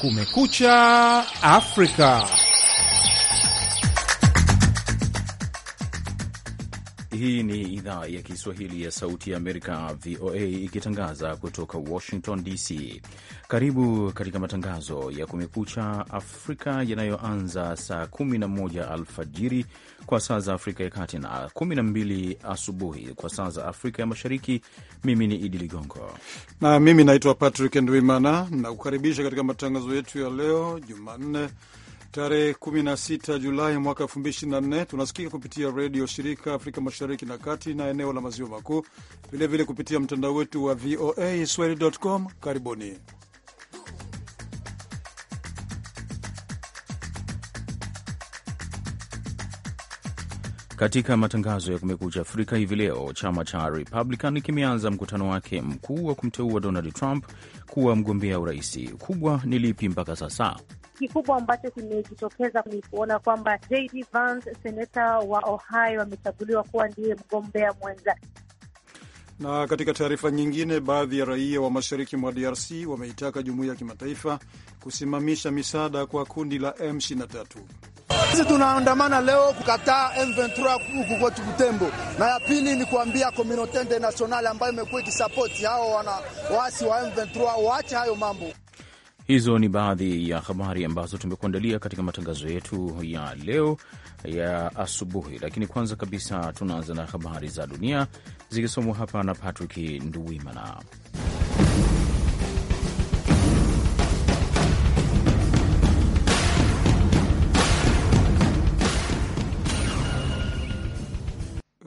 Kumekucha Afrika. Hii ni idhaa ya Kiswahili ya Sauti ya Amerika, VOA, ikitangaza kutoka Washington DC. Karibu katika matangazo ya Kumekucha Afrika yanayoanza saa 11 alfajiri kwa saa za Afrika ya Kati na 12 asubuhi kwa saa za Afrika ya Mashariki. Mimi ni Idi Ligongo na mimi naitwa Patrick Ndwimana, nakukaribisha katika matangazo yetu ya leo Jumanne Tarehe 16 Julai mwaka 2024 tunasikika kupitia redio shirika Afrika Mashariki na Kati na eneo la maziwa makuu, vilevile kupitia mtandao wetu wa VOA swahili.com. Karibuni. Katika matangazo ya Kumekucha Afrika hivi leo, chama cha Republican kimeanza mkutano wake mkuu wa kumteua Donald Trump kuwa mgombea uraisi. Kubwa ni lipi mpaka sasa? Kikubwa ambacho kimejitokeza ni kuona kwamba JD Vance, seneta wa Ohio, amechaguliwa kuwa ndiye mgombea mwenza. Na katika taarifa nyingine, baadhi ya raia wa mashariki mwa DRC wameitaka jumuiya ya kimataifa kusimamisha misaada kwa kundi la M23. Sisi tunaandamana leo kukataa M23 huku kwetu Butembo, na ya pili ni kuambia komunote internasionali ambayo imekuwa ikisapoti hao wana waasi wa M23 waache hayo mambo. Hizo ni baadhi ya habari ambazo tumekuandalia katika matangazo yetu ya leo ya asubuhi, lakini kwanza kabisa tunaanza na habari za dunia zikisomwa hapa na Patrick Nduwimana.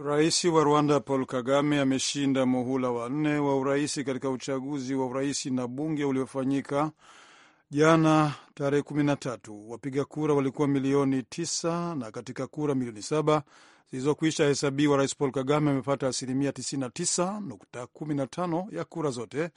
Rais wa Rwanda Paul Kagame ameshinda muhula wa nne wa uraisi katika uchaguzi wa uraisi na bunge uliofanyika Jana tarehe tatu wapiga kura walikuwa milioni tisa na katika kura milioni saba zilizokwisha hesabiwa, Rais Paul Kagame amepata asilimia 99.15 ya kura zote.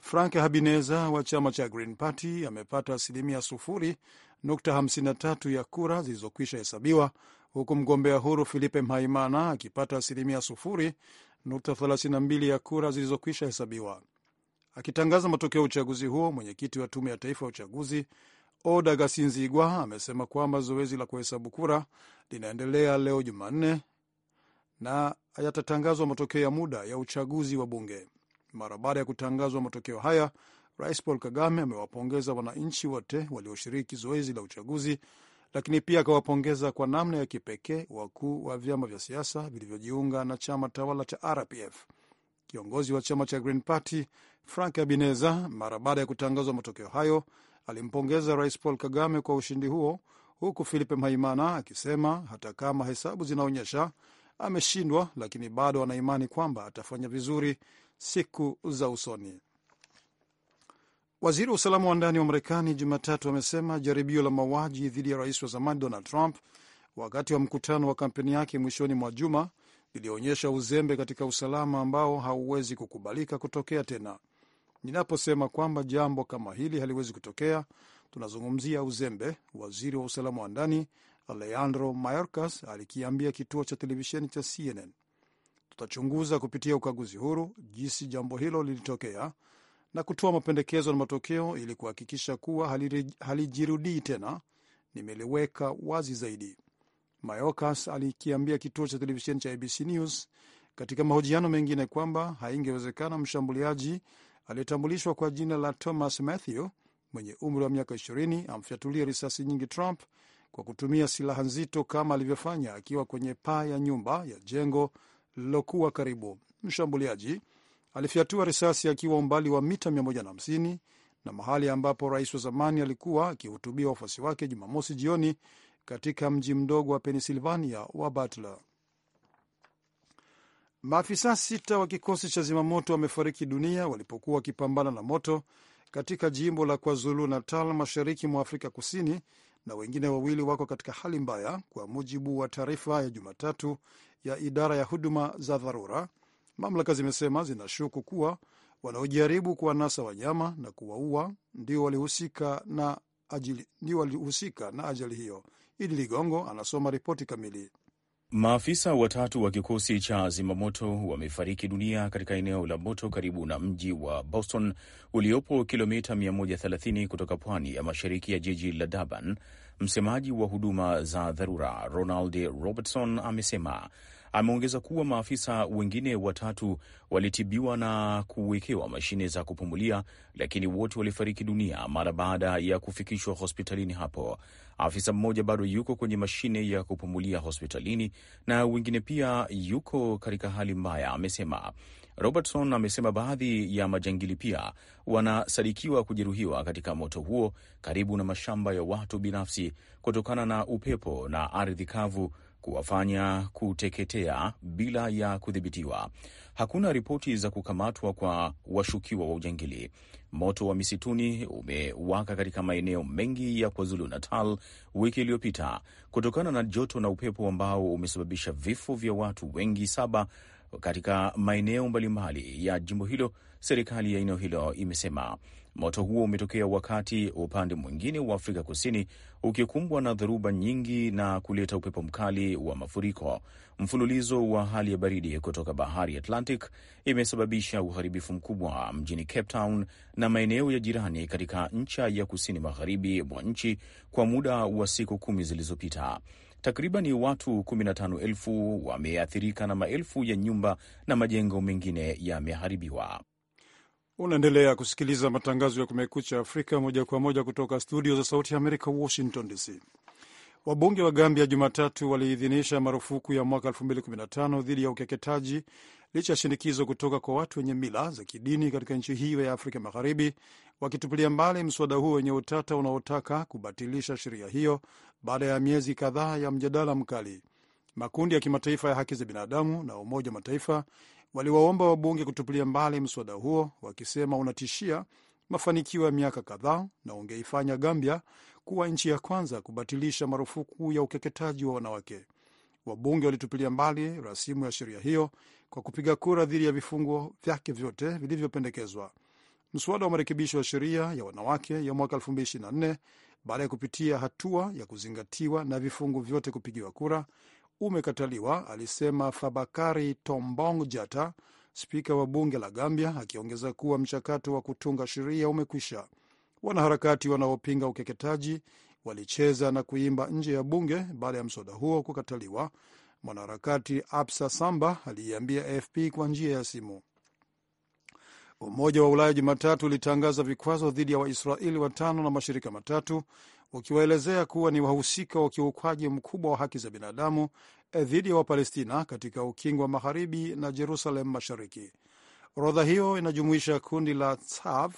Frank Habineza wa chama cha Green Party amepata asilimia 0.53 ya kura zilizokwisha hesabiwa, huku mgombea huru Filipe Mhaimana akipata asilimia 0.32 ya kura zilizokwisha hesabiwa. Akitangaza matokeo ya uchaguzi huo, mwenyekiti wa tume ya taifa ya uchaguzi Oda Gasinzigwa amesema kwamba zoezi la kuhesabu kura linaendelea leo Jumanne na yatatangazwa matokeo ya muda ya uchaguzi wa bunge. Mara baada ya kutangazwa matokeo haya, Rais Paul Kagame amewapongeza wananchi wote walioshiriki zoezi la uchaguzi, lakini pia akawapongeza kwa namna ya kipekee wakuu wa vyama vya siasa vilivyojiunga na chama tawala cha RPF. Kiongozi wa chama cha Green Party Frank Abineza mara baada ya kutangazwa matokeo hayo alimpongeza Rais Paul Kagame kwa ushindi huo, huku Filipe Maimana akisema hata kama hesabu zinaonyesha ameshindwa, lakini bado anaimani kwamba atafanya vizuri siku za usoni. Waziri wa usalama wa ndani wa Marekani Jumatatu amesema jaribio la mauaji dhidi ya rais wa zamani Donald Trump wakati wa mkutano wa kampeni yake mwishoni mwa juma lilionyesha uzembe katika usalama ambao hauwezi kukubalika kutokea tena. Ninaposema kwamba jambo kama hili haliwezi kutokea, tunazungumzia uzembe. Waziri wa usalama wa ndani Alejandro Mayorkas alikiambia kituo cha televisheni cha CNN, tutachunguza kupitia ukaguzi huru jinsi jambo hilo lilitokea na kutoa mapendekezo na matokeo ili kuhakikisha kuwa halijirudii tena. Nimeliweka wazi zaidi, Mayorkas alikiambia kituo cha televisheni cha ABC News katika mahojiano mengine kwamba haingewezekana mshambuliaji aliyetambulishwa kwa jina la Thomas Matthew mwenye umri wa miaka 20 amfyatulia risasi nyingi Trump kwa kutumia silaha nzito kama alivyofanya akiwa kwenye paa ya nyumba ya jengo lililokuwa karibu. Mshambuliaji alifyatua risasi akiwa umbali wa mita 150 na mahali ambapo rais wa zamani alikuwa akihutubia wafuasi wake Jumamosi jioni katika mji mdogo wa Pennsylvania wa Butler. Maafisa sita wa kikosi cha zimamoto wamefariki dunia walipokuwa wakipambana na moto katika jimbo la KwaZulu Natal, mashariki mwa Afrika Kusini, na wengine wawili wako katika hali mbaya, kwa mujibu wa taarifa ya Jumatatu ya idara ya huduma za dharura. Mamlaka zimesema zinashuku kuwa wanaojaribu kuwanasa wanyama na kuwaua ndio walihusika na ajali hiyo. Idi Ligongo anasoma ripoti kamili. Maafisa watatu wa kikosi cha zimamoto wamefariki dunia katika eneo la moto karibu na mji wa Boston uliopo kilomita 130 kutoka pwani ya mashariki ya jiji la Durban. Msemaji wa huduma za dharura Ronald Robertson amesema Ameongeza kuwa maafisa wengine watatu walitibiwa na kuwekewa mashine za kupumulia, lakini wote walifariki dunia mara baada ya kufikishwa hospitalini hapo. Afisa mmoja bado yuko kwenye mashine ya kupumulia hospitalini na wengine pia yuko katika hali mbaya, amesema. Robertson amesema baadhi ya majangili pia wanasadikiwa kujeruhiwa katika moto huo karibu na mashamba ya watu binafsi kutokana na upepo na ardhi kavu kuwafanya kuteketea bila ya kudhibitiwa. Hakuna ripoti za kukamatwa kwa washukiwa wa ujangili. Moto wa misituni umewaka katika maeneo mengi ya KwaZulu Natal wiki iliyopita kutokana na joto na upepo ambao umesababisha vifo vya watu wengi saba katika maeneo mbalimbali ya jimbo hilo, serikali ya eneo hilo imesema. Moto huo umetokea wakati upande mwingine wa Afrika Kusini ukikumbwa na dhoruba nyingi na kuleta upepo mkali wa mafuriko. Mfululizo wa hali ya baridi kutoka bahari Atlantic imesababisha uharibifu mkubwa mjini Cape Town na maeneo ya jirani katika ncha ya kusini magharibi mwa nchi kwa muda wa siku kumi zilizopita. Takriban watu 15,000 wameathirika na maelfu ya nyumba na majengo mengine yameharibiwa. Unaendelea kusikiliza matangazo ya Kumekucha Afrika moja kwa moja kutoka studio za Sauti ya Amerika, Washington DC. Wabunge wa Gambia Jumatatu waliidhinisha marufuku ya mwaka 2015 dhidi ya ukeketaji licha ya shinikizo kutoka kwa watu wenye mila za kidini katika nchi hiyo ya Afrika Magharibi, wakitupilia mbali mswada huo wenye utata unaotaka kubatilisha sheria hiyo baada ya miezi kadhaa ya mjadala mkali. Makundi ya kimataifa ya haki za binadamu na Umoja wa Mataifa waliwaomba wabunge kutupilia mbali mswada huo wakisema unatishia mafanikio ya miaka kadhaa na ungeifanya Gambia kuwa nchi ya kwanza kubatilisha marufuku ya ukeketaji wa wanawake. Wabunge walitupilia mbali rasimu ya sheria hiyo kwa kupiga kura dhidi ya vifungu vyake vyote vilivyopendekezwa. Mswada wa marekebisho ya sheria ya wanawake ya mwaka 2024 baada ya kupitia hatua ya kuzingatiwa na vifungu vyote kupigiwa kura umekataliwa, alisema Fabakari Tombong Jata, spika wa bunge la Gambia, akiongeza kuwa mchakato wa kutunga sheria umekwisha. Wanaharakati wanaopinga ukeketaji walicheza na kuimba nje ya bunge baada ya mswada huo kukataliwa. Mwanaharakati Absa Samba aliiambia AFP kwa njia ya simu. Umoja wa Ulaya Jumatatu ulitangaza vikwazo dhidi ya Waisraeli watano na mashirika matatu ukiwaelezea kuwa ni wahusika wa kiukwaji mkubwa wa haki za binadamu eh, dhidi ya Wapalestina katika ukingo wa magharibi na Jerusalem Mashariki. Orodha hiyo inajumuisha kundi la Tsave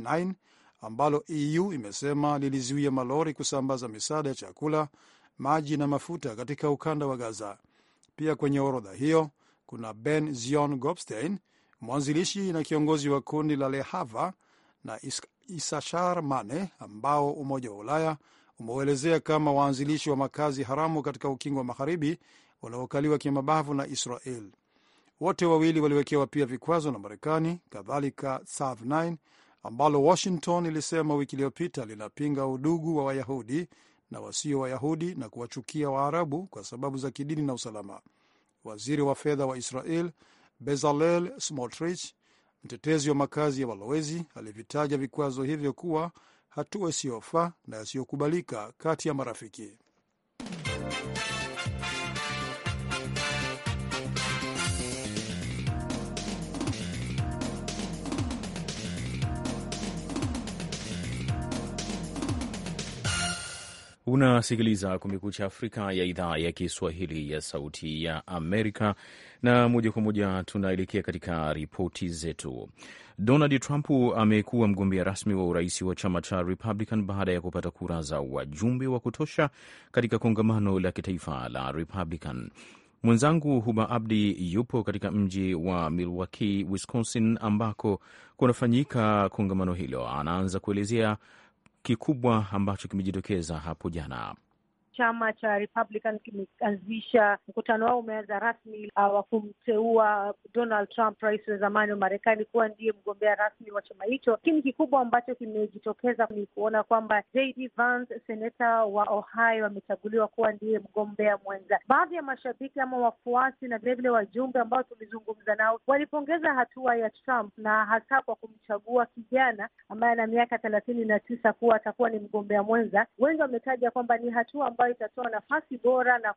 9 ambalo EU imesema lilizuia malori kusambaza misaada ya chakula, maji na mafuta katika ukanda wa Gaza. Pia kwenye orodha hiyo kuna Ben Zion Gopstein, mwanzilishi na kiongozi wa kundi la Lehava na isashar Mane ambao Umoja wa Ulaya umeuelezea kama waanzilishi wa makazi haramu katika ukingo wa magharibi wanaokaliwa kimabavu na Israel. Wote wawili waliwekewa pia vikwazo na Marekani, kadhalika Sav9 ambalo Washington ilisema wiki iliyopita linapinga udugu wa Wayahudi na wasio Wayahudi na kuwachukia Waarabu kwa sababu za kidini na usalama. Waziri wa fedha wa Israel Bezalel Smotrich Mtetezi wa makazi ya walowezi alivitaja vikwazo hivyo kuwa hatua isiyofaa na yasiyokubalika kati ya marafiki. Unasikiliza Kumekucha Afrika ya idhaa ya Kiswahili ya Sauti ya Amerika, na moja kwa moja tunaelekea katika ripoti zetu. Donald Trump amekuwa mgombea rasmi wa urais wa chama cha Republican baada ya kupata kura za wajumbe wa kutosha katika kongamano la kitaifa la Republican. Mwenzangu Huba Abdi yupo katika mji wa Milwaukee, Wisconsin, ambako kunafanyika kongamano hilo. Anaanza kuelezea kikubwa ambacho kimejitokeza hapo jana chama cha Republican kimeanzisha mkutano wao, umeanza rasmi uh, wa kumteua Donald Trump, rais wa zamani wa Marekani, kuwa ndiye mgombea rasmi wa chama hicho. Lakini kikubwa ambacho kimejitokeza ni kuona kwamba JD Vance, seneta wa Ohio, amechaguliwa kuwa ndiye mgombea mwenza. Baadhi ya mashabiki ama wafuasi na vilevile wajumbe ambao tulizungumza nao walipongeza hatua ya Trump na hasa kwa kumchagua kijana ambaye ana miaka thelathini na tisa kuwa atakuwa ni mgombea mwenza. Wengi wametaja kwamba ni hatua ambayo ambayo itatoa nafasi bora na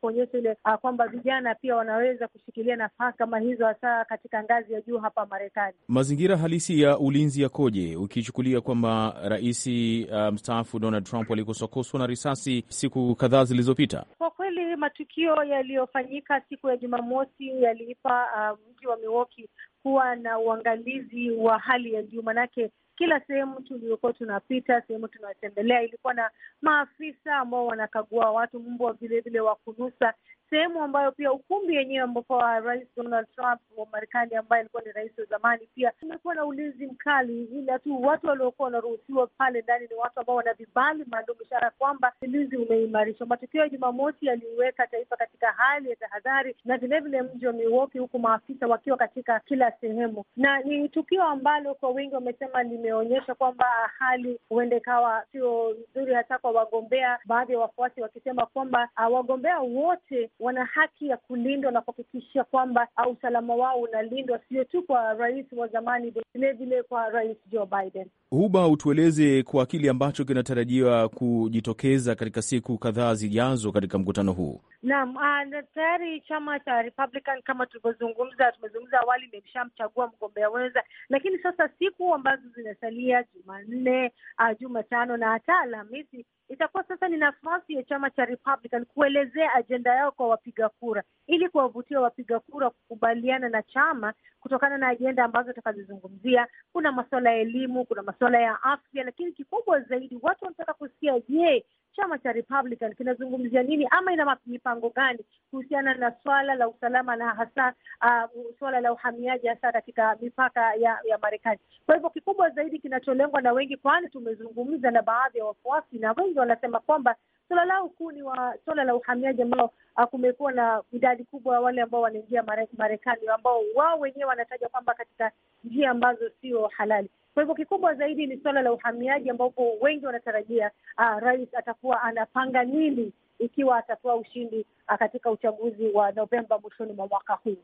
kuonyesha ile uh, kwamba vijana pia wanaweza kushikilia nafasi kama hizo, hasa katika ngazi ya juu hapa Marekani. Mazingira halisi ya ulinzi yakoje, ukichukulia kwamba rais ah, mstaafu Donald Trump alikoswakoswa na risasi siku kadhaa zilizopita? Kwa kweli matukio yaliyofanyika siku ya Jumamosi yaliipa ah, mji wa Milwaukee kuwa na uangalizi wa hali ya juu, manake kila sehemu tuliokuwa tunapita, sehemu tunatembelea ilikuwa na maafisa ambao wanakagua watu, mbwa vilevile wa kunusa sehemu ambayo pia ukumbi wenyewe ambapo Rais Donald Trump wa Marekani ambaye alikuwa ni rais wa zamani, pia umekuwa na ulinzi mkali, ila tu watu waliokuwa wanaruhusiwa pale ndani ni watu ambao wana vibali maalum, ishara kwamba ulinzi umeimarishwa. Matokeo ya Jumamosi yaliweka taifa katika hali ya tahadhari na vilevile mji wa Milwaukee, huku maafisa wakiwa katika kila sehemu, na ni tukio ambalo kwa wengi wamesema limeonyesha kwamba hali huenda ikawa sio nzuri, hata kwa wagombea, baadhi ya wafuasi wakisema kwamba ah, wagombea wote wana haki ya kulindwa na kuhakikisha kwamba usalama wao unalindwa, sio tu kwa rais wa zamani, vilevile kwa rais Joe Biden. Huba, utueleze kwa kile ambacho kinatarajiwa kujitokeza katika siku kadhaa zijazo katika mkutano huu. Naam, uh, tayari chama cha Republican kama tulivyozungumza, tumezungumza awali, imeshamchagua mgombea wenza, lakini sasa siku ambazo zinasalia, Jumanne, uh, Jumatano na hata Alhamisi itakuwa sasa ni nafasi ya chama cha Republican kuelezea ajenda yao kwa wapiga kura, ili kuwavutia wapiga kura kukubaliana na chama kutokana na ajenda ambazo itakazozungumzia. Kuna masuala ya elimu, kuna masuala ya afya, lakini kikubwa zaidi watu wanataka kusikia, je, chama cha Republican kinazungumzia nini ama ina mipango gani kuhusiana na swala la usalama na hasa uh, swala la uhamiaji hasa katika mipaka ya, ya Marekani. Kwa hivyo kikubwa zaidi kinacholengwa na wengi, kwani tumezungumza na baadhi ya wafuasi na wengi wanasema kwamba suala lao kuu ni swala la uhamiaji ambao ah, kumekuwa na idadi kubwa ya wale ambao wanaingia Marekani ambao wao wenyewe wanataja kwamba katika njia ambazo sio halali. Kwa hivyo kikubwa zaidi ni suala la uhamiaji, ambapo wengi wanatarajia uh, rais atakuwa anapanga nini ikiwa atatoa ushindi uh, katika uchaguzi wa Novemba mwishoni mwa mwaka huu.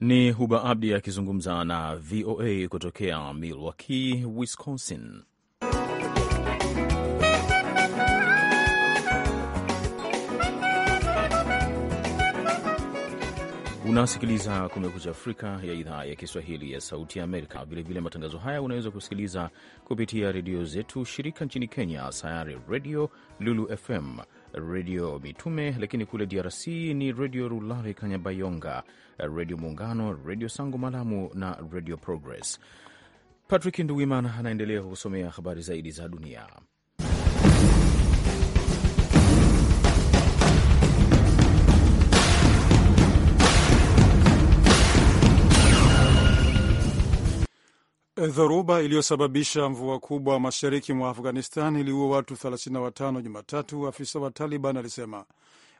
Ni Huba Abdi akizungumza na VOA kutokea Milwaukee, Wisconsin. Unasikiliza Kumekucha Afrika ya idhaa ya Kiswahili ya Sauti ya Amerika. Vilevile matangazo haya unaweza kusikiliza kupitia redio zetu shirika nchini Kenya, Sayari Redio, Lulu FM, Redio Mitume, lakini kule DRC ni Redio Rulare Kanyabayonga, Redio Muungano, Redio Sango Malamu na Redio Progress. Patrick Nduwimana anaendelea kusomea habari zaidi za dunia. Eh, dhoruba iliyosababisha mvua kubwa mashariki mwa Afghanistan iliua watu 35 Jumatatu, afisa wa Taliban alisema.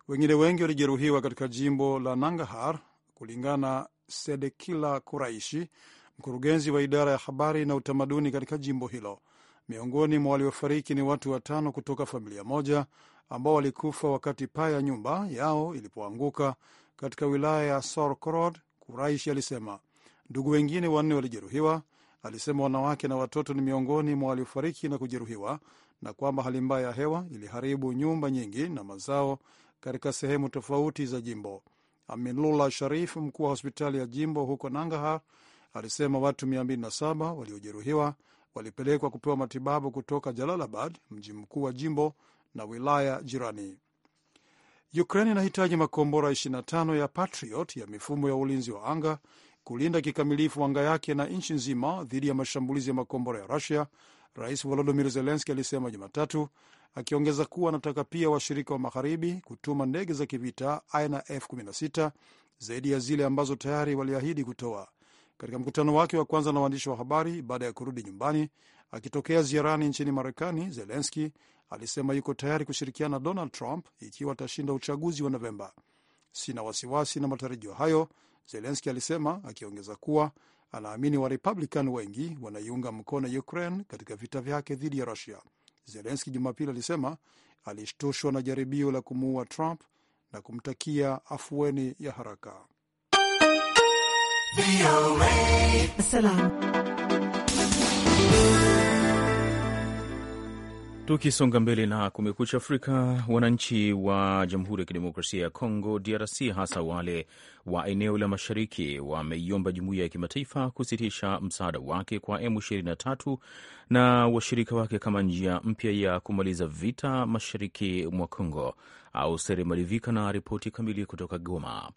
Wengine wengi walijeruhiwa katika jimbo la Nangahar, kulingana Sedekila Kuraishi, mkurugenzi wa idara ya habari na utamaduni katika jimbo hilo. Miongoni mwa waliofariki ni watu watano kutoka familia moja ambao walikufa wakati paa ya nyumba yao ilipoanguka katika wilaya ya sorkrod Kuraishi alisema ndugu wengine wanne walijeruhiwa alisema wanawake na watoto ni miongoni mwa waliofariki na kujeruhiwa na kwamba hali mbaya ya hewa iliharibu nyumba nyingi na mazao katika sehemu tofauti za jimbo. Aminullah Sharif, mkuu wa hospitali ya jimbo huko Nangarhar, alisema watu 27 waliojeruhiwa walipelekwa kupewa matibabu kutoka Jalalabad, mji mkuu wa jimbo na wilaya jirani. Ukraine inahitaji makombora 25 ya Patriot ya mifumo ya ulinzi wa anga kulinda kikamilifu anga yake na nchi nzima dhidi ya mashambulizi ya makombora ya Rusia, Rais Volodimir Zelenski alisema Jumatatu, akiongeza kuwa anataka pia washirika wa magharibi kutuma ndege za kivita aina F16 zaidi ya zile ambazo tayari waliahidi kutoa. Katika mkutano wake wa kwanza na waandishi wa habari baada ya kurudi nyumbani akitokea ziarani nchini Marekani, Zelenski alisema yuko tayari kushirikiana na Donald Trump ikiwa atashinda uchaguzi wa Novemba. Sina wasiwasi na matarajio hayo, Zelenski alisema akiongeza kuwa anaamini Warepublican wengi wanaiunga mkono Ukraine katika vita vyake dhidi ya Rusia. Zelenski Jumapili alisema alishtushwa na jaribio la kumuua Trump na kumtakia afueni ya haraka. Tukisonga mbele na Kumekucha Afrika, wananchi wa Jamhuri ya Kidemokrasia ya Kongo, DRC, hasa wale wa eneo la mashariki wameiomba jumuiya ya kimataifa kusitisha msaada wake kwa M23 na washirika wake kama njia mpya ya kumaliza vita mashariki mwa Kongo. sere Malivika na ripoti kamili kutoka Goma.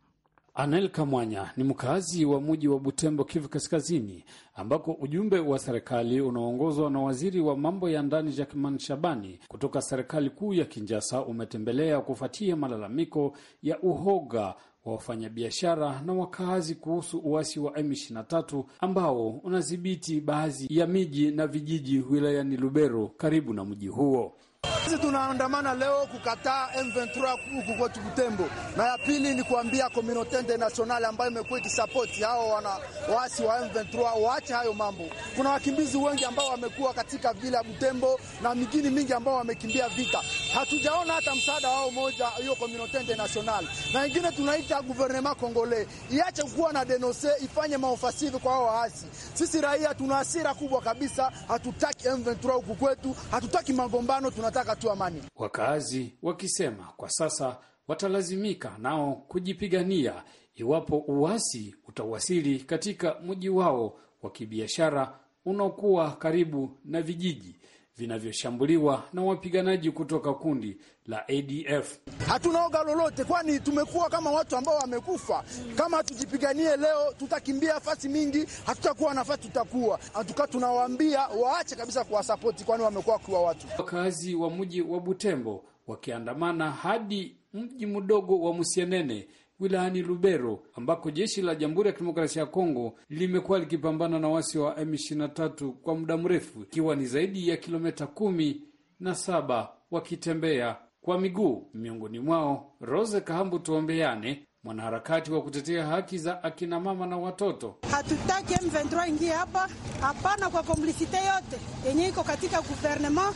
Anel Kamwanya ni mkazi wa mji wa Butembo, Kivu Kaskazini, ambako ujumbe wa serikali unaoongozwa na waziri wa mambo ya ndani Jackman Shabani kutoka serikali kuu ya Kinjasa umetembelea kufuatia malalamiko ya uhoga wa wafanyabiashara na wakazi kuhusu uasi wa M23 ambao unadhibiti baadhi ya miji na vijiji wilayani Lubero karibu na mji huo. Sisi tunaandamana leo kukataa M23 huku kwetu Butembo, na ya pili ni kuambia komunote international ambayo imekuwa ikisapoti hao wana waasi wa M23 waache hayo mambo. Kuna wakimbizi wengi ambao wamekuwa katika vila Butembo na mingini mingi ambao wamekimbia vita, hatujaona hata msaada wao moja, hiyo komunote international na wengine tunaita guvernema Kongole iache kuwa na denose, ifanye maofasivi kwa hao waasi. Sisi raia tuna hasira kubwa kabisa, hatutaki M23 huku kwetu, hatutaki magombano, tunataka tunataka tu amani. Wakaazi wakisema kwa sasa watalazimika nao kujipigania iwapo uasi utawasili katika mji wao wa kibiashara unaokuwa karibu na vijiji vinavyoshambuliwa na wapiganaji kutoka kundi la ADF. Hatuna oga lolote, kwani tumekuwa kama watu ambao wamekufa. Kama hatujipiganie leo, tutakimbia nafasi mingi, hatutakuwa nafasi, tutakuwa hatuka. Tunawaambia waache kabisa kuwasapoti, kwani wamekuwa wakiwa watu. Wakazi wa mji wa Butembo wakiandamana hadi mji mdogo wa Musienene wilayani Lubero ambako jeshi la Jamhuri ya Kidemokrasia ya Kongo limekuwa likipambana na wasi wa M23 kwa muda mrefu, ikiwa ni zaidi ya kilomita kumi na saba wakitembea kwa miguu. Miongoni mwao Rose Kahambu Tuombeane, mwanaharakati wa kutetea haki za akina mama na watoto. Hatutaki M23 ingie hapa, hapana, kwa komplisite yote yenye iko katika guvernema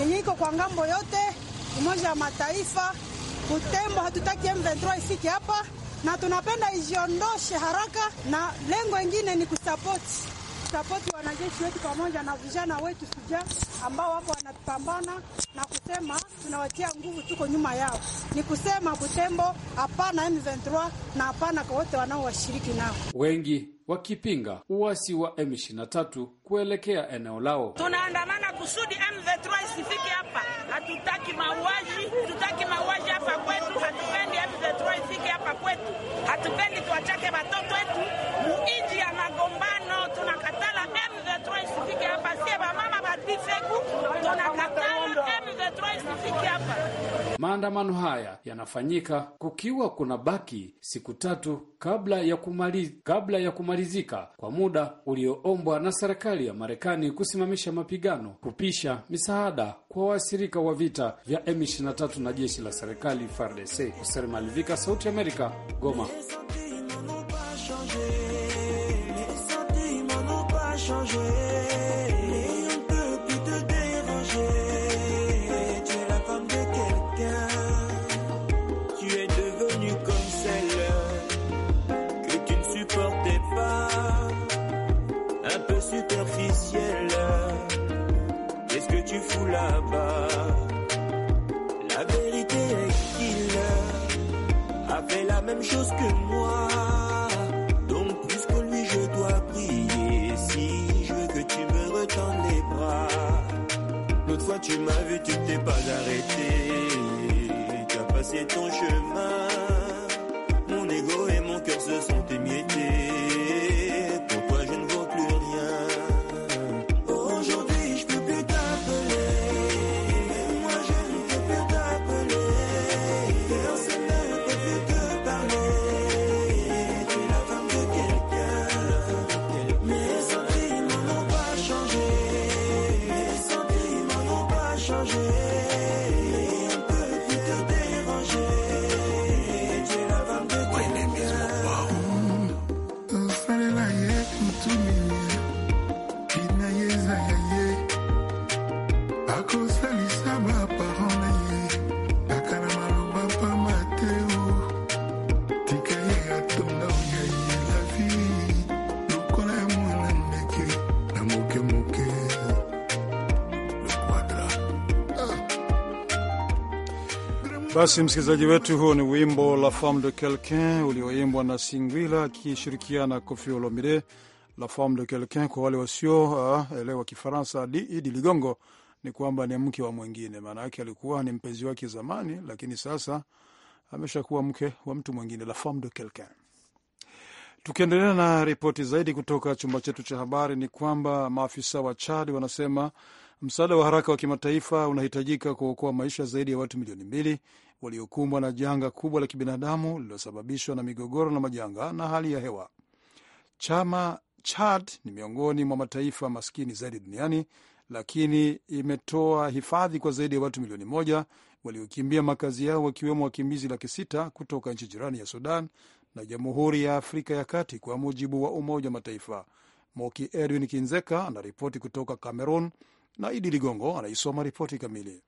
yenye iko kwa ngambo yote Umoja wa Mataifa Butembo. Hatutaki M23 ifike hapa na tunapenda ijiondoshe haraka, na lengo ingine ni kusapoti sapoti wanajeshi wetu pamoja na vijana wetu suja ambao wako wanapambana na kusema tunawatia nguvu, tuko nyuma yao. Ni kusema Butembo hapana M23 na hapana kwa wote wanaowashiriki nao wengi wakipinga uasi wa M23 kuelekea eneo lao. Tunaandamana kusudi M23 isifike hapa. Hatutaki mauaji, hatutaki mauaji hapa kwetu, hatupendi M23 ifike hapa kwetu, hatupendi tuwachake watoto wetu muinji ya magombano. Tunakatala M23 isifike hapa, sie wamama badifeku tunakatala Maandamano haya yanafanyika kukiwa kuna baki siku tatu kabla ya kumaliz, kabla ya kumalizika kwa muda ulioombwa na serikali ya Marekani kusimamisha mapigano, kupisha misaada kwa waathirika wa vita vya M23 na jeshi la serikali FARDC. Hoser Malivika, Sauti ya Amerika, Goma. même chose que moi. Donc plus que lui, je dois prier si je veux que tu me retends les bras. L'autre fois, tu m'as vu, tu t'es pas arrêté. Tu as passé ton chemin. Basi msikilizaji wetu, huo ni wimbo La Femme de Quelqu'un ulioimbwa na Singwila akishirikiana Koffi Olomide. La Femme de Quelqu'un kwa wale wasioelewa ah, Kifaransa, Idi Ligongo, ni kwamba ni mke wa mwingine. Maana yake alikuwa ni mpenzi wake zamani, lakini sasa ameshakuwa mke wa mtu mwingine. La Femme de Quelqu'un. Tukiendelea na ripoti zaidi kutoka chumba chetu cha habari, ni kwamba maafisa wa Chad wanasema Msaada wa haraka wa kimataifa unahitajika kuokoa maisha zaidi ya watu milioni mbili waliokumbwa na janga kubwa la kibinadamu lililosababishwa na migogoro na majanga na hali ya hewa. Chama Chad ni miongoni mwa mataifa maskini zaidi duniani, lakini imetoa hifadhi kwa zaidi ya watu milioni moja waliokimbia makazi yao, wakiwemo wakimbizi laki sita kutoka nchi jirani ya Sudan na Jamhuri ya Afrika ya Kati, kwa mujibu wa Umoja wa Mataifa. Moki Edwin Kinzeka anaripoti kutoka Cameroon na Idi Ligongo anaisoma ripoti kamili.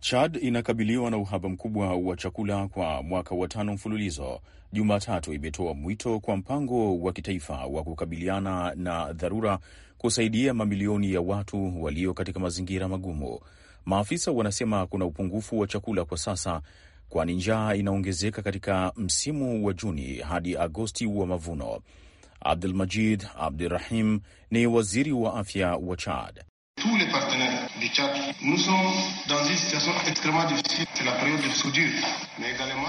Chad inakabiliwa na uhaba mkubwa wa chakula kwa mwaka wa tano mfululizo. Jumatatu imetoa mwito kwa mpango wa kitaifa wa kukabiliana na dharura kusaidia mamilioni ya watu walio katika mazingira magumu. Maafisa wanasema kuna upungufu wa chakula kwa sasa, kwani njaa inaongezeka katika msimu wa Juni hadi Agosti wa mavuno. Abdul Majid Abdurahim ni waziri wa afya wa Chad tous les partenaires du Tchad. Nous sommes dans une situation extrêmement difficile, c'est la période de soudure.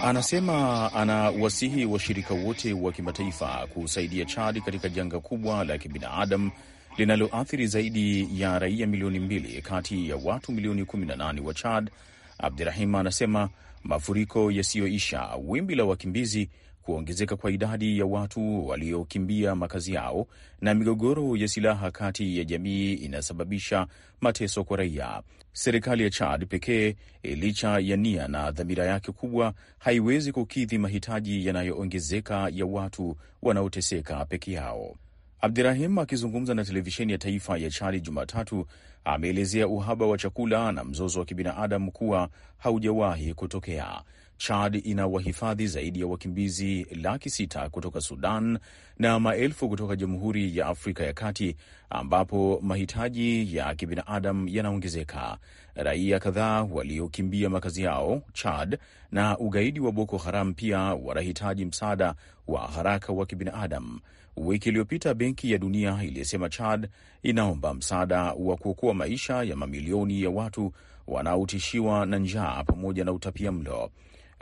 Anasema anawasihi washirika wote wa kimataifa kusaidia Chad katika janga kubwa la kibinadamu linaloathiri zaidi ya raia milioni mbili kati ya watu milioni 18 wa Chad. Abdirahima anasema mafuriko yasiyoisha, wimbi la wakimbizi, kuongezeka kwa idadi ya watu waliokimbia makazi yao na migogoro ya silaha kati ya jamii inasababisha mateso kwa raia. Serikali ya Chad pekee, eh, licha ya nia na dhamira yake kubwa, haiwezi kukidhi mahitaji yanayoongezeka ya watu wanaoteseka peke yao. Abdirahim akizungumza na televisheni ya taifa ya Chadi Jumatatu ameelezea uhaba wa chakula na mzozo wa kibinadamu kuwa haujawahi kutokea. Chad ina wahifadhi zaidi ya wakimbizi laki sita kutoka Sudan na maelfu kutoka Jamhuri ya Afrika ya Kati, ambapo mahitaji ya kibinadamu yanaongezeka. Raia kadhaa waliokimbia makazi yao Chad na ugaidi wa Boko Haram pia wanahitaji msaada wa haraka wa kibinadamu. Wiki iliyopita Benki ya Dunia iliyesema Chad inaomba msaada wa kuokoa maisha ya mamilioni ya watu wanaotishiwa na njaa pamoja na utapia mlo.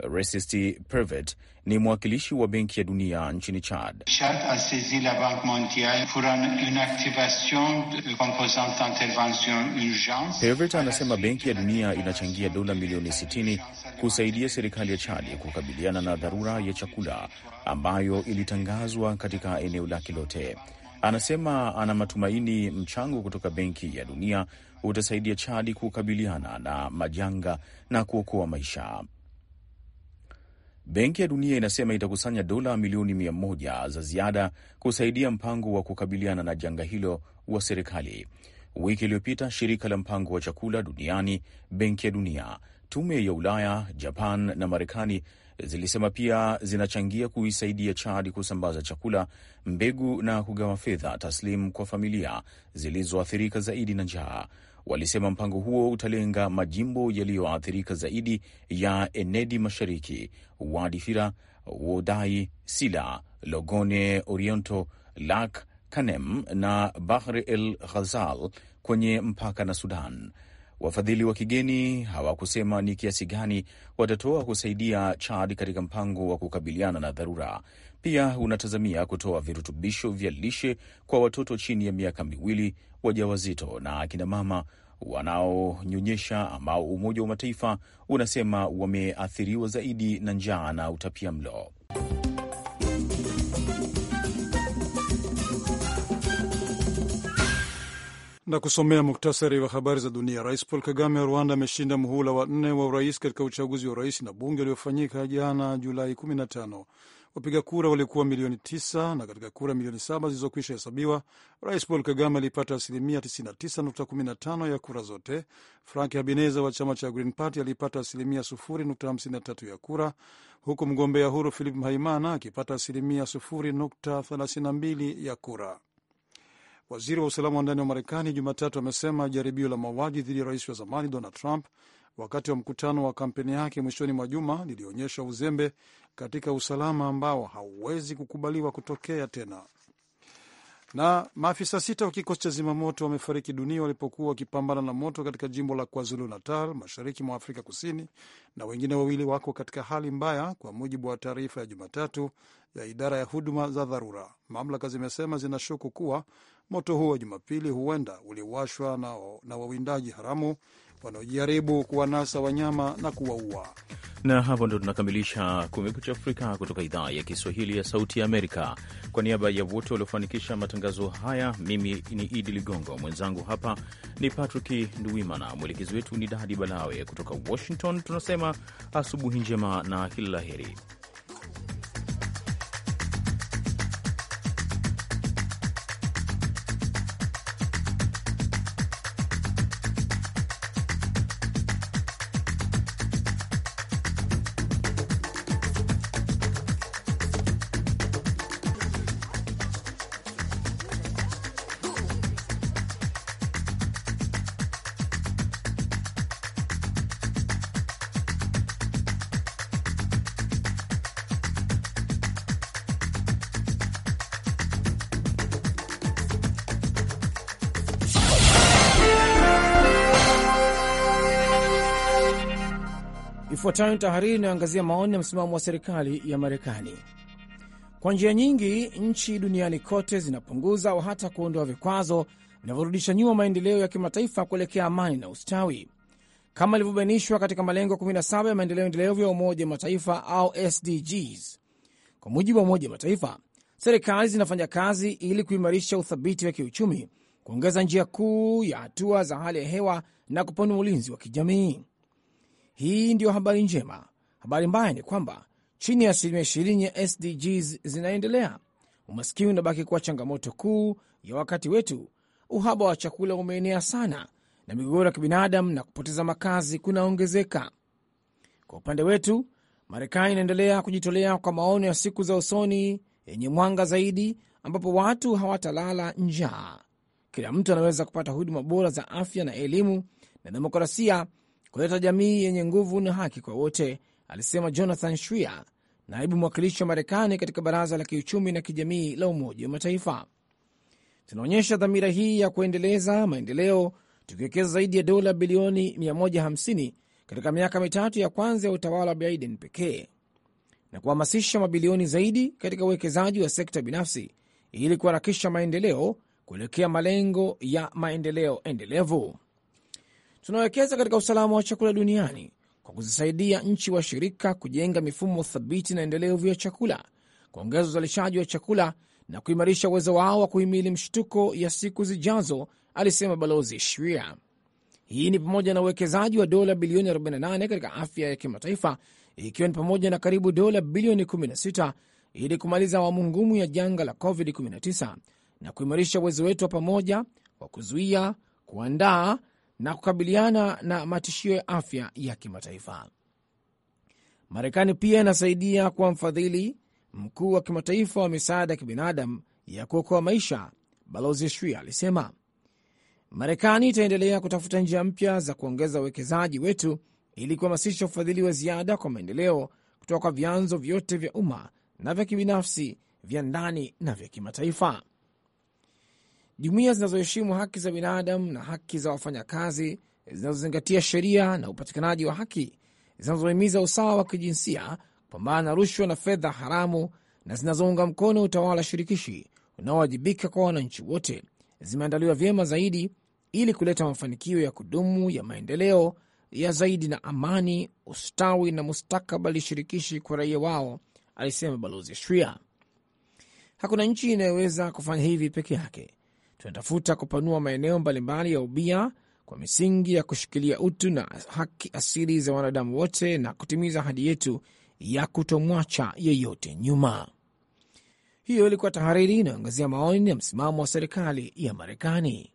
Resist Prevet ni mwakilishi wa Benki ya Dunia nchini Chad. Prevet anasema Benki ya Dunia inachangia dola milioni 60 kusaidia serikali ya Chad kukabiliana na dharura ya chakula ambayo ilitangazwa katika eneo lake lote. Anasema ana matumaini mchango kutoka Benki ya Dunia utasaidia chadi kukabiliana na majanga na kuokoa maisha. Benki ya Dunia inasema itakusanya dola milioni mia moja za ziada kusaidia mpango wa kukabiliana na janga hilo wa serikali. Wiki iliyopita shirika la mpango wa chakula duniani, Benki ya Dunia, tume ya Ulaya, Japan na Marekani zilisema pia zinachangia kuisaidia Chad kusambaza chakula, mbegu na kugawa fedha taslimu kwa familia zilizoathirika zaidi na njaa walisema mpango huo utalenga majimbo yaliyoathirika zaidi ya Enedi Mashariki, Wadifira, Wodai, Sila, Logone Oriento, Lak, Kanem na Bahr el Ghazal kwenye mpaka na Sudan. Wafadhili wa kigeni hawakusema ni kiasi gani watatoa kusaidia Chad katika mpango wa kukabiliana na dharura pia unatazamia kutoa virutubisho vya lishe kwa watoto chini ya miaka miwili, wajawazito na akinamama wanaonyonyesha ambao Umoja wa Mataifa unasema wameathiriwa zaidi na njaa na utapia mlo Na kusomea muktasari wa habari za dunia. Rais Paul Kagame wa Rwanda ameshinda muhula wa nne wa urais katika uchaguzi wa urais na bunge uliofanyika jana Julai 15. Wapiga kura walikuwa milioni tisa na katika kura milioni saba zilizokwisha hesabiwa rais Paul Kagame alipata asilimia 99.15 ya kura zote. Frank Habineza wa chama cha Green Party alipata asilimia 0.53 ya kura, huku mgombea huru Philip Mhaimana akipata asilimia 0.32 ya kura. Waziri wa usalama wa ndani wa Marekani Jumatatu amesema jaribio la mauaji dhidi ya rais wa zamani Donald Trump wakati wa mkutano wa kampeni yake mwishoni mwa juma lilionyesha uzembe katika usalama ambao hauwezi kukubaliwa kutokea tena. Na maafisa sita wa kikosi cha zimamoto wamefariki dunia walipokuwa wakipambana na moto katika jimbo la KwaZulu Natal, mashariki mwa Afrika Kusini, na wengine wawili wako katika hali mbaya, kwa mujibu wa taarifa ya Jumatatu ya idara ya huduma za dharura. Mamlaka zimesema zinashuku kuwa moto huo wa Jumapili huenda uliwashwa na, na wawindaji haramu wanaojaribu kuwanasa wanyama na kuwaua. Na hapo ndo tunakamilisha Kumekucha Afrika kutoka idhaa ya Kiswahili ya Sauti ya Amerika. Kwa niaba ya wote waliofanikisha matangazo haya, mimi ni Idi Ligongo, mwenzangu hapa ni Patrick Nduwimana, mwelekezi wetu ni Dadi Balawe. Kutoka Washington tunasema asubuhi njema na kila la heri. Ifuatayo ni tahariri inayoangazia maoni na msimamo wa serikali ya Marekani. Kwa njia nyingi, nchi duniani kote zinapunguza au hata kuondoa vikwazo vinavyorudisha nyuma maendeleo ya kimataifa kuelekea amani na ustawi, kama ilivyobainishwa katika malengo 17 ya maendeleo endelevu ya Umoja Mataifa au SDGs. Kwa mujibu wa Umoja Mataifa, serikali zinafanya kazi ili kuimarisha uthabiti wa kiuchumi, kuongeza njia kuu ya hatua za hali ya hewa na kupanua ulinzi wa kijamii. Hii ndiyo habari njema. Habari mbaya ni kwamba chini ya asilimia ishirini ya SDGs zinaendelea. Umaskini unabaki kuwa changamoto kuu ya wakati wetu. Uhaba wa chakula umeenea sana, na migogoro ya kibinadamu na kupoteza makazi kunaongezeka. Kwa upande wetu, Marekani inaendelea kujitolea kwa maono ya siku za usoni yenye mwanga zaidi, ambapo watu hawatalala njaa, kila mtu anaweza kupata huduma bora za afya na elimu, na demokrasia kuleta jamii yenye nguvu na haki kwa wote, alisema Jonathan Shwia, naibu mwakilishi wa Marekani katika Baraza la Kiuchumi na Kijamii la Umoja wa Mataifa. Tunaonyesha dhamira hii ya kuendeleza maendeleo tukiwekeza zaidi ya dola bilioni 150 katika miaka mitatu ya kwanza ya utawala wa Biden pekee na kuhamasisha mabilioni zaidi katika uwekezaji wa sekta binafsi ili kuharakisha maendeleo kuelekea malengo ya maendeleo endelevu tunawekeza katika usalama wa chakula duniani kwa kuzisaidia nchi washirika kujenga mifumo thabiti na endelevu ya chakula, kuongeza uzalishaji wa chakula na kuimarisha uwezo wao wa kuhimili mshtuko ya siku zijazo, alisema Balozi Shria. Hii ni pamoja na uwekezaji wa dola bilioni 48 katika afya ya kimataifa, ikiwa ni pamoja na karibu dola bilioni 16 ili kumaliza awamu ngumu ya janga la COVID-19 na kuimarisha uwezo wetu wa pamoja wa kuzuia, kuandaa na kukabiliana na matishio ya afya ya kimataifa. Marekani pia inasaidia kuwa mfadhili mkuu wa kimataifa wa misaada ya kibinadamu ya kuokoa maisha, Balozi Shwia alisema. Marekani itaendelea kutafuta njia mpya za kuongeza uwekezaji wetu ili kuhamasisha ufadhili wa ziada kwa maendeleo kutoka kwa vyanzo vyote vya umma na vya kibinafsi, vya ndani na vya kimataifa. Jumuiya zinazoheshimu haki za binadamu na haki za wafanyakazi, zinazozingatia sheria na upatikanaji wa haki, zinazohimiza usawa wa kijinsia, kupambana na rushwa na fedha haramu, na zinazounga mkono utawala shirikishi unaowajibika kwa wananchi wote, zimeandaliwa vyema zaidi ili kuleta mafanikio ya kudumu ya maendeleo ya zaidi na amani, ustawi na mustakabali shirikishi kwa raia wao, alisema Balozi Shria. Hakuna nchi inayoweza kufanya hivi peke yake, tunatafuta kupanua maeneo mbalimbali ya ubia kwa misingi ya kushikilia utu na haki asili za wanadamu wote na kutimiza ahadi yetu ya kutomwacha yeyote nyuma. Hiyo ilikuwa tahariri inayoangazia maoni na msimamo wa serikali ya Marekani.